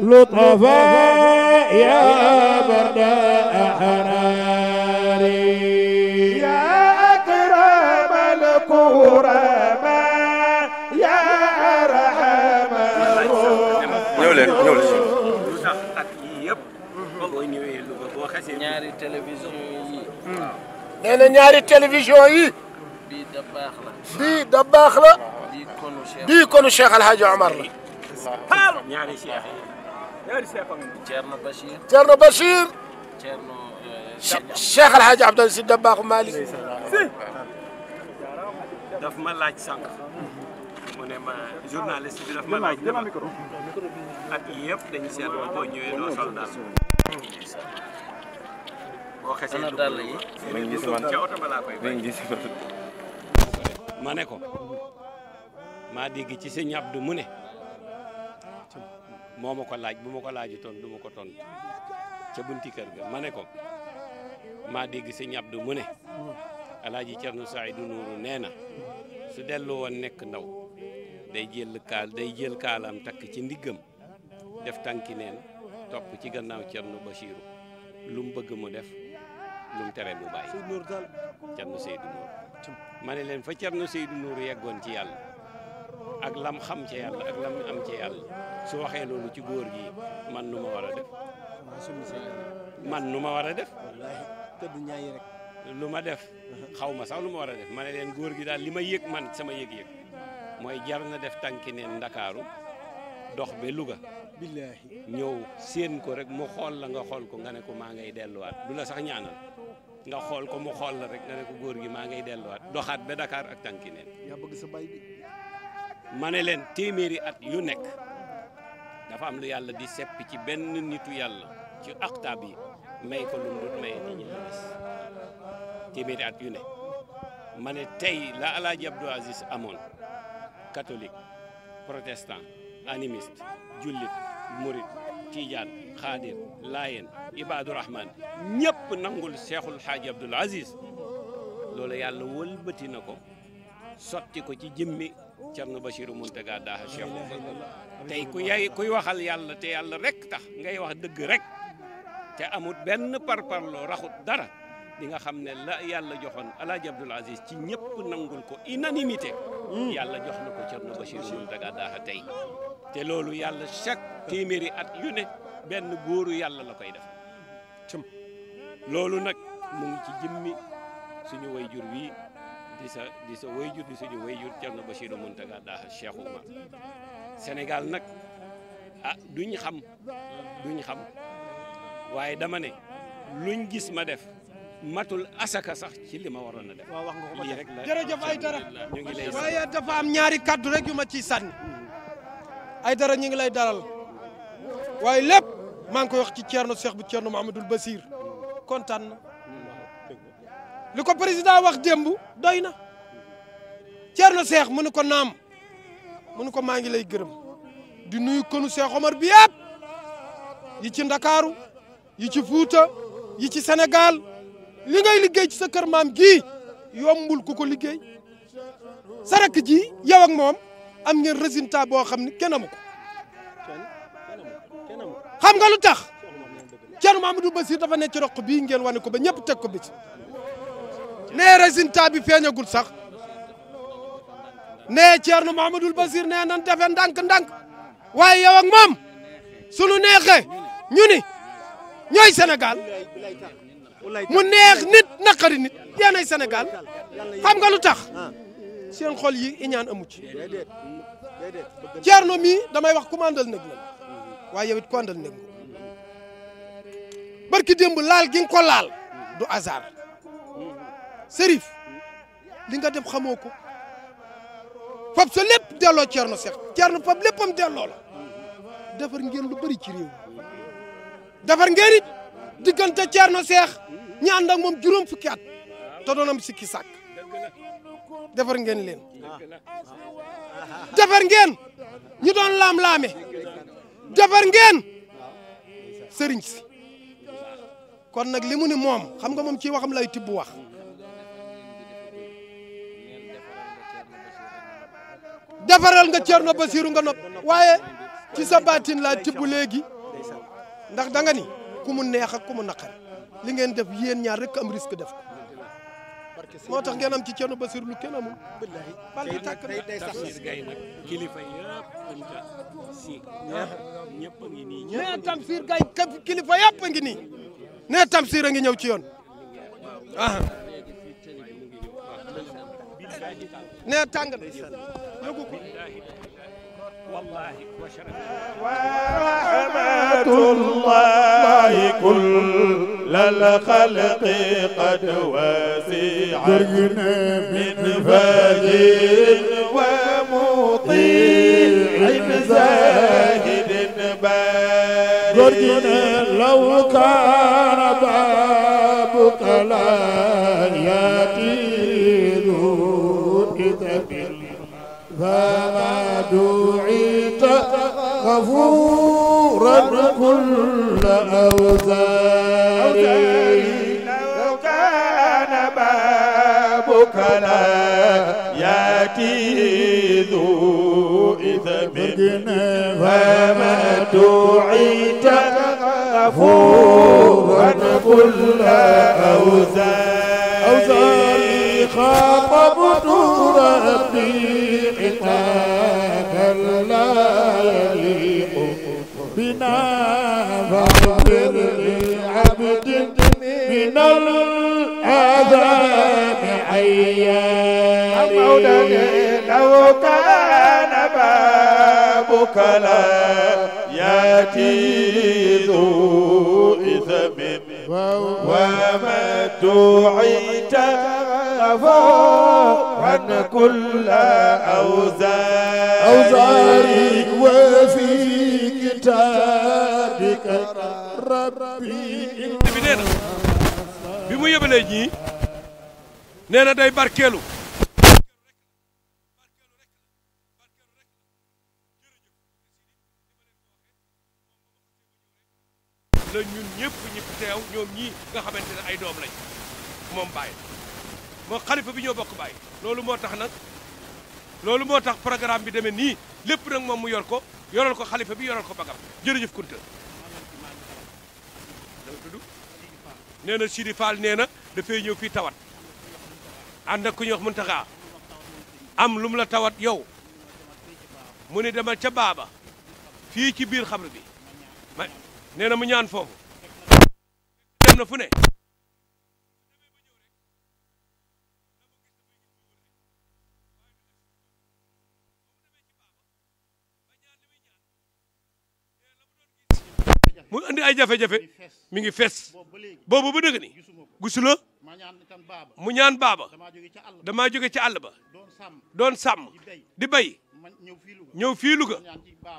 لطفا يا برد أحراري يا أكرم الكرم يا أرحم الراحمين ñaari télévision yi nee na ñaari télévision yi bii da baax la. bii da baax la. bii konu Cheikh bii konu Cheikh El Hadj Omar la. ñaari Cheikh ñaari Cheikh am na. Thierno Bachir. Thierno Bachir. Thierno. Euh, Cheikh El Hadj Abdoul Si da baaxu Malick. daf ma laaj sànq. mu ne ma journaliste bi daf ma laaj ne ma at yii yëpp dañu seetlu boo ñëwee doo sol daal. boo xasee dugg dàll yi. mi ngi gis man mi ngi gis man. ma ne ko maa dégg ci sëñ Abdou mu ne moo ma ko laaj bu ma ko laajutoon du ma ko tontu ca bunti kër ga ma ne ko maa dégg sëñ Abdou mu ne alaaji Cerno Saydu Nuuru nee na su dellu woon nekk ndaw day jël kaal day jël kaalaam takk ci ndiggam def tànki neen topp ci gannaaw Cerno Bachiru lu mu bëgg mu def lu mu tere mu bàyyi Cerno Saydu Nuuru ma ne leen fa Cerno Seydou Nourou yeggoon ci yàlla ak lam xam ci yàlla ak lam am ci yàlla su waxee loolu ci góor gi man nu ma war a def man nu ma war a def tëdd ñaay lu ma def xaw ma sax lu ma war a def ma ne leen góor gi daal li ma yëg man sama yëg-yëg mooy jar na def tànki neen ndakaaru dox ba Louga billaahi ñëw séen ko rek mu xool la nga xool ko nga ne ko maa ngay delluwaat du la sax ñaanal nga xool ko mu xool la rek nga ne ko góor gi maa ngay delluwaat doxaat ba dakaar ak tànki neen yaa bëgg sa bay leen téeméeri at yu nekk dafa am lu yàlla di sepp ci benn nitu yàlla ci aqtaab yi may ko lu mu dut maye téeméeri at yu ne ma ne tey la Alaaji Abdou Aziz amoon katolik protestant animiste jullit murit tiijaan xaadir laayeen ibaadu rahman ñëpp nangul seexul xaaji abdul aziz loolu yàlla wëlbati na ko sotti ko ci jëmmi Cerno Bachiru Muntaga daaha cheikh tey ku yay kuy waxal yàlla te yàlla rek tax ngay wax dëgg rek te amut benn parparloo raxut dara di nga xam ne la yàlla joxoon alaaji abdul aziz ci ñëpp nangul ko unanimité Mm. yàlla jox na ko Thierno Bachir Mountaga Daha tey te loolu yàlla chaque téeméeri at yu ne benn góoru yàlla la koy def cëm loolu nag mu ngi ci jëmmi suñu wayjur wii di sa di sa wayjur di suñu wayjur Thierno Bachir Mountaga Daha Cheikh Oumar Sénégal nag ah duñ xam duñ xam waaye dama ne luñ gis ma def matul asaka sax ci li ma waroon a def. wax nga ko ba ay dara waaye dafa am ñaari kaddu rek yu ma ciy sànni dara ñu ngi lay dalal waaye maa ngi koy wax ci Thierno Cheikh bu Thierno Mouhamadoul Basir kontaan na li ko président wax démb doy na Thierno Cheikh mënu ko naam mënu ko maa ngi lay gërëm di nuyu konu Cheikh Omar bi yëpp yi ci Ndakaaru yi ci Fuuta yi ci Sénégal li ngay liggéey ci sa kër maam gi yombul ku ko liggéey sa ji yow ak moom am ngeen résultat boo xam ni kenn amu xam nga lu tax Thierno Mamadou Bassir dafa ne ci roq bii ngeen wane ko ba ñëpp teg ko bi ci nee résultat bi feeñagul sax nee Thierno Mamadou Bassir nee nan defe ndànk-ndànk waaye yow moom sunu neexee ñu ni ñooy mu neex nit naqari nit yéenay Sénégal xam nga lu tax seen xol yi iñaan amu ci Thierno mii damay wax ku ma àndal la waaye yow it ku àndal nég barki démb laal gi ko laal du hasard Serif li nga def xamoo ko fab sa lépp delloo Thierno Seck Thierno fab léppam delloo la defar ngeen lu bëri ci réew defar ngeen diggante Thierno Seex ñi ànd moom juróom fukki at te doon am sikki sàkk defar ngeen leen defar ngeen ñu doon laam-laame defar ngeen sëriñ si kon nag li mu ni moom xam nga moom ci waxam lay tibb wax defaral nga Thierno Basiru nga nopp waaye ci sa baatin laa tibb léegi ndax danga ni ku mu neex ak ku mu naqari li ngeen def yéen ñaar rek am risque def ko moo tax ngeen am ci Thierno Bassirou lu kenn amul. bal bi tàkk na day sax gay nag kilifa yëpp ngi nii. nee Tamsir gay kilifa yëpp a ngi nii Tamsir a ñëw ci yoon ah. nee tàng الله كل الخلق قد وسع من فجير ومطيع زاهد بارئ لو كان بابك لا يأتي ذو كتب فما دعيت غفورا كل أوزاري لو كان بابك لا يأتي ذو إثم فما دعيت غفورا كل أوزاري خاطبت ربي قتال بنا فاغفر لعبد من العذاب حيا مولانا لو كان بابك لا ياتي ذو إثم وما دعيت غفور عن كل أوزارك وفيك kitaabika rabbi bi nee na bi mu yëbalee ñii nee day barkeelu la ñun ñëpp ñi teew ñoom ñii nga xamante ne ay doom lañ moom bàyyi moo xalifa bi ñoo bokk bàyyi loolu moo tax nag loolu moo tax programme bi demee nii lépp nag moom mu yor ko yoral ko xalifa bi yoral ko bagam jërëjëf Kunta nee na Sidi Fall nee na dafay ñëw fii tawat ànd ak ku ñuy wax Muntaxa am lum la tawat yow mu ne demal ca baaba fii ci biir xabru bi ma nee na mu ñaan foofu dem na fu ne mu andi ay jafe-jafe mi ngi fees boobu ba dëgg ni gisu la mu ñaan baaba damaa jóge ca àll ba doon sàmm di bay ñëw fii Louga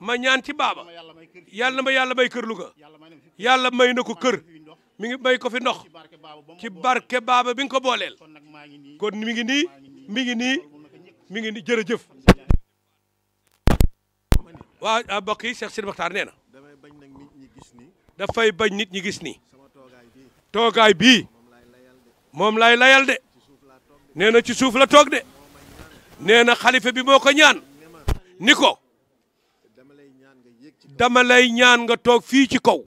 ma ñaan ci baaba yàlla ma yàlla may kër Louga yàlla may na ko kër mi ngi may ko fi ndox ci barke baaba bi nga ko booleel kon mi ngi nii mi ngi nii mi ngi nii jërëjëf. waa ah, mbokk yi Cheikh Sidi Mokhtar na. dafay bañ nit ñi gis ni toogaay bii moom lay layal de nee na ci suuf la toog de nee na xalifa bi moo ko ñaan ni ko dama lay ñaan nga toog fii ci kaw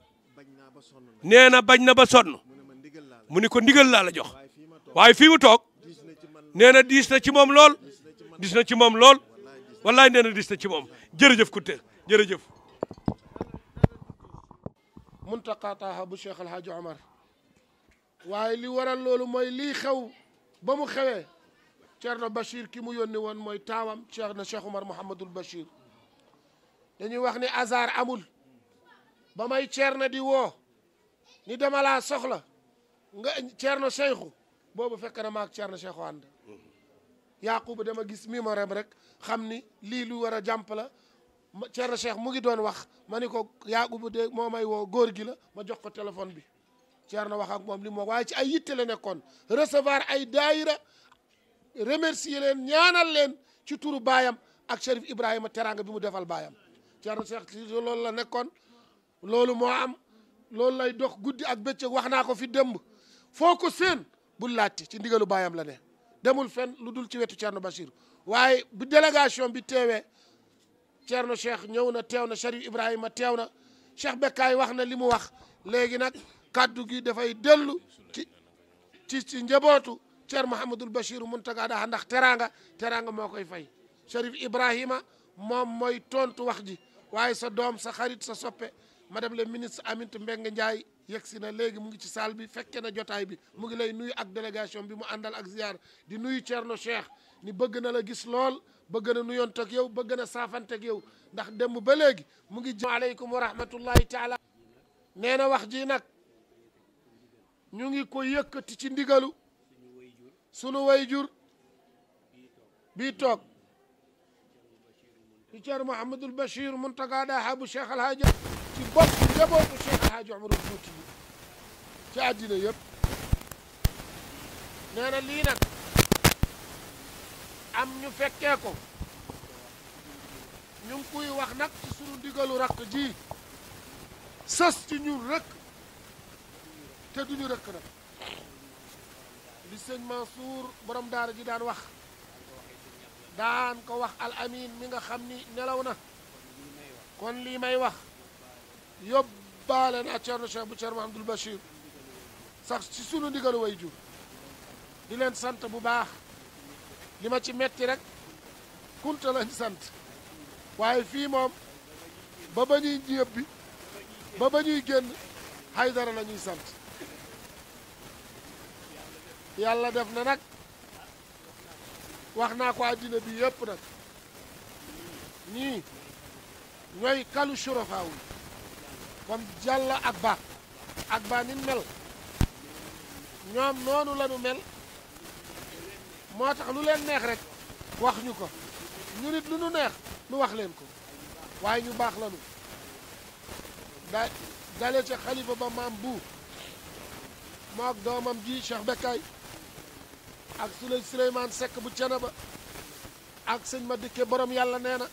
nee na bañ na ba sonn mu ni ko ndigal laa la jox waaye fii mu toog nee na diis na ci moom lool diis na ci moom lool wallaay nee na diis na ci moom jërëjëf Kouté jërëjëf muntaqa taaha bu cheikh alhaaji omar waaye li wara loolu mooy lii xew ba mu xewee Thierno Bachir ki mu yónni woon mooy taawam cheikh na cheikh omar mouhamadul bachir dañuy wax ni hasard amul ba may Thierno di woo ni dama laa soxla nga Thierno Cheikhou boobu fekk na maag Thierno Cheikhou ànd mm-hmm. Yaquba dama gis mimorem rek xam ni lii lu war a jàmp Thierno Cheikh mu ngi doon wax ma ni ko yaagubu de moo may woo góor gi la ma jox ko téléphone bi na wax ak moom li moo waaye ci ay yitte la nekkoon recevoir ay daayira remercier leen ñaanal leen ci turu baayam ak Cherif Ibrahima teraanga bi mu defal baayam Thierno Cheikh ci loolu la nekkoon loolu moo am loolu lay dox guddi ak bëccëg wax naa ko fi démb foo ko seen bu laajte ci ndigalu baayam la ne demul fen lu dul ci wetu Thierno Bachir waaye bu bi teewee Thierno Cheikh ñëw na teew na Cherif Ibrahima teew na Cheikh Bekkaay wax na li mu wax léegi nag kaddu gi dafay dëllu ci ci ci njabootu Thierno Mouhamadul Bachir Muntaga Daha ndax teraanga teraanga moo koy fay Cherif Ibrahima moom mooy tontu wax ji waaye sa doom sa xarit sa soppe ma madame le ministre Aminata Mbengue Ndiaye yegg si na léegi mu ngi ci sal bi fekke na jotaay bi mu ngi lay nuyu ak délégation bi mu àndal ak ziar di nuyu Thierno Cheikh ni bëgg na la gis lool ba gën a nuyonteeg yow ba gën a saafanteeg yow ndax démb ba léegi mu ngi jëm aleykum wa rahmatullahi taala na wax ji nag ñu ngi ko yëkkati ci ndigalu sunu wayjur bii toog ci Ceer Mouhamadul Bachir Muntaga Daha bu Cheikh El Hadj ci bopp njabootu Cheikh El ci àddina yëpp nee na am ñu fekkee ko ñu ngi koy wax nag ci sunu ndigalu rakk ji sës ci ñun rëkk te duñu rëkk nag li sëñ Mansour borom daara ji daan wax daan ko wax al amin mi nga xam ni nelaw na kon lii may wax yóbbaale naa Thierno Cheikh bu Thierno Mahamadul Bachir sax ci sunu ndigalu way jur di leen sant bu baax li ma ci metti rek kunta lañ sant waaye fii moom ba ba ñuy yëbbi ba ba ñuy génn Haydara la ñuy sant yàlla def na nag wax naa ko àddina bi yëpp nag ñii ñooy kalu surafaawu comme jàll ak ba ak ba ni mel ñoom noonu la mel moo tax lu leen neex rek wax ñu ko ñu nit lu nu neex nu wax leen ko waaye ñu baax lanu da dale ca xalifa ba maam bu mook doomam ji Cheikh Bekay ak Souley Souleymane Seck bu cene ba ak sëñ ma dikke borom yàlla nee na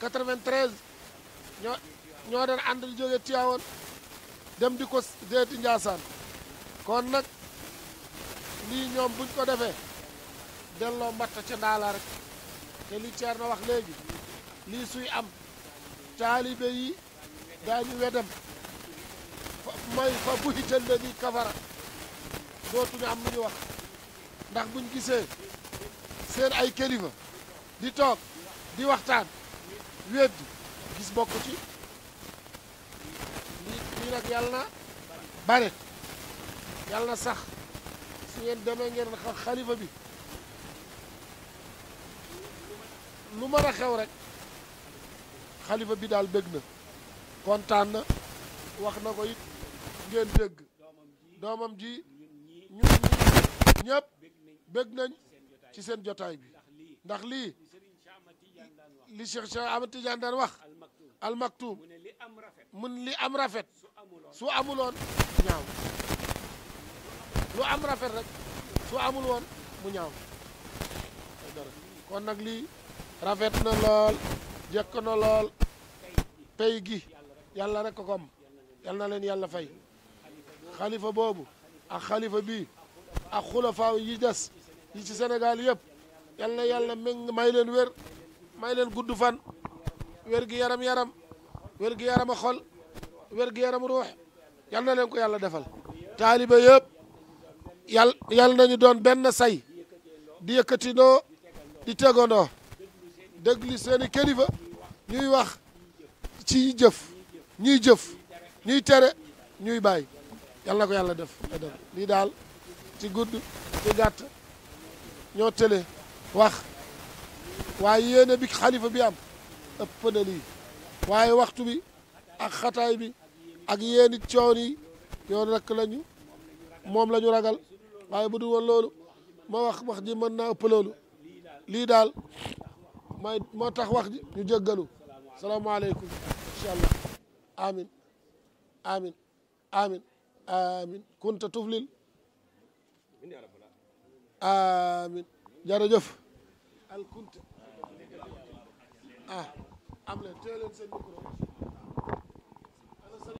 93 ñoo ñoo doon ànd di jóge Tiwaawan dem di ko deeti Njaasaan kon nag lii ñoom buñ ko defee delloo mbatta ca ndaala rek te li ceer na wax léegi lii suy am taalibe yi daañu wedem mooy fa buhital ladi kafara dootuñu am lu ñu wax ndax buñ gisee seen ay kilifa di toog di waxtaan weddi gis bokk ci lii lii nag yàlla na bare yàlla na sax su ngeen deme ngeen xalifa bi lu mën a xew rek xalifa bi daal bëgg na kontaan na wax na ko it ngeen dégg doomam ji ñun ñëpp bëgg nañ ci seen jotaay bi ndax lii li Cheikh Cheikh Ahmad Tidiane daan wax al maktum mun li am rafet su amuloon ñaaw lu am rafet rek su amul woon mu ñaaw kon nag lii rafet na lool jekk na lool pay gi yàlla rek ko am na leen yàlla fay xalifa boobu ak xalifa bii ak xulafaaw yi des yi ci Sénégal yëpp yal na yàlla méng may leen wér may leen gudd fan wér gi yaram yaram wér gi yaram a xol wér gi yaram ruux yal leen ko yàlla defal taaliba yëpp yal yal nañu doon benn say di yëkkatindoo di tegandoo déglu seen i kilifa ñuy wax ci jëf ñuy jëf ñuy tere ñuy bàyyi yal na ko yàlla def lii daal ci gudd ci gàtt ñoo tële wax waaye yéene bi xalifa bi am ëpp na lii waaye waxtu bi ak xataay bi ak yéeni coon yi yoon rekk lañu moom lañu ragal waaye bu dul loolu ma wax wax ji mën naa ëpp loolu lii daal may moo tax wax ji ñu jéggalu salaamaaleykum incha allah amin amin amin amin kunta tuflil amin jërëjëf al kunta ah am leen téye leen seen micro